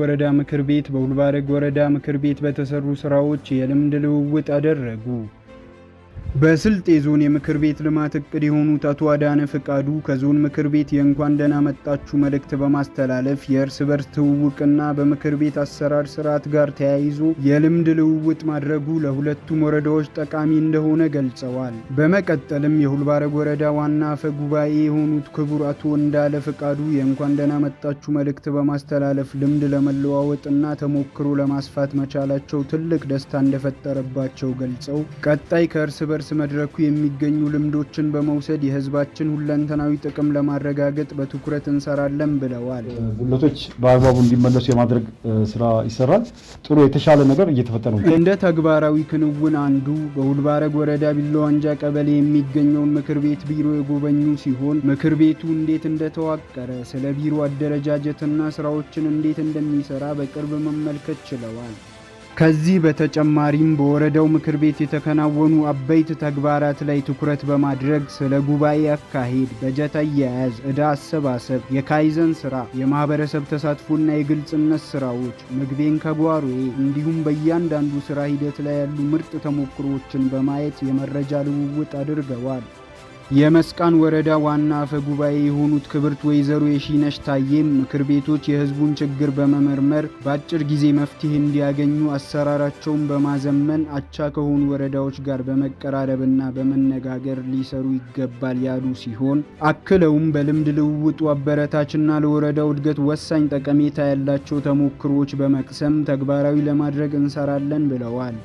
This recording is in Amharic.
ወረዳ ምክር ቤት በሁልባራግ ወረዳ ምክር ቤት በተሰሩ ስራዎች የልምድ ልውውጥ አደረጉ። በስልጤ ዞን የምክር ቤት ልማት እቅድ የሆኑት አቶ አዳነ ፈቃዱ ከዞን ምክር ቤት የእንኳን ደህና መጣችሁ መልእክት በማስተላለፍ የእርስ በርስ ትውውቅና በምክር ቤት አሰራር ስርዓት ጋር ተያይዞ የልምድ ልውውጥ ማድረጉ ለሁለቱም ወረዳዎች ጠቃሚ እንደሆነ ገልጸዋል። በመቀጠልም የሁልባረግ ወረዳ ዋና አፈ ጉባኤ የሆኑት ክቡር አቶ እንዳለ ፍቃዱ የእንኳን ደህና መጣችሁ መልእክት በማስተላለፍ ልምድ ለመለዋወጥና ተሞክሮ ለማስፋት መቻላቸው ትልቅ ደስታ እንደፈጠረባቸው ገልጸው ቀጣይ ከእርስ በርስ በየድረስ መድረኩ የሚገኙ ልምዶችን በመውሰድ የህዝባችን ሁለንተናዊ ጥቅም ለማረጋገጥ በትኩረት እንሰራለን ብለዋል። ጉለቶች በአግባቡ እንዲመለሱ የማድረግ ስራ ይሰራል። ጥሩ የተሻለ ነገር እየተፈጠረ ነው። እንደ ተግባራዊ ክንውን አንዱ በሁልባረግ ወረዳ ቢለዋንጃ ቀበሌ የሚገኘውን ምክር ቤት ቢሮ የጎበኙ ሲሆን ምክር ቤቱ እንዴት እንደተዋቀረ ስለ ቢሮ አደረጃጀትና ስራዎችን እንዴት እንደሚሰራ በቅርብ መመልከት ችለዋል። ከዚህ በተጨማሪም በወረዳው ምክር ቤት የተከናወኑ አበይት ተግባራት ላይ ትኩረት በማድረግ ስለ ጉባኤ አካሄድ፣ በጀት አያያዝ፣ ዕዳ አሰባሰብ፣ የካይዘን ስራ፣ የማህበረሰብ ተሳትፎና የግልጽነት ስራዎች፣ ምግቤን ከጓሮዬ እንዲሁም በእያንዳንዱ ስራ ሂደት ላይ ያሉ ምርጥ ተሞክሮዎችን በማየት የመረጃ ልውውጥ አድርገዋል። የመስቃን ወረዳ ዋና አፈ ጉባኤ የሆኑት ክብርት ወይዘሮ የሺነሽ ታዬም ምክር ቤቶች የህዝቡን ችግር በመመርመር በአጭር ጊዜ መፍትሄ እንዲያገኙ አሰራራቸውን በማዘመን አቻ ከሆኑ ወረዳዎች ጋር በመቀራረብና በመነጋገር ሊሰሩ ይገባል ያሉ ሲሆን አክለውም በልምድ ልውውጡ አበረታችና ለወረዳው እድገት ወሳኝ ጠቀሜታ ያላቸው ተሞክሮዎች በመቅሰም ተግባራዊ ለማድረግ እንሰራለን ብለዋል።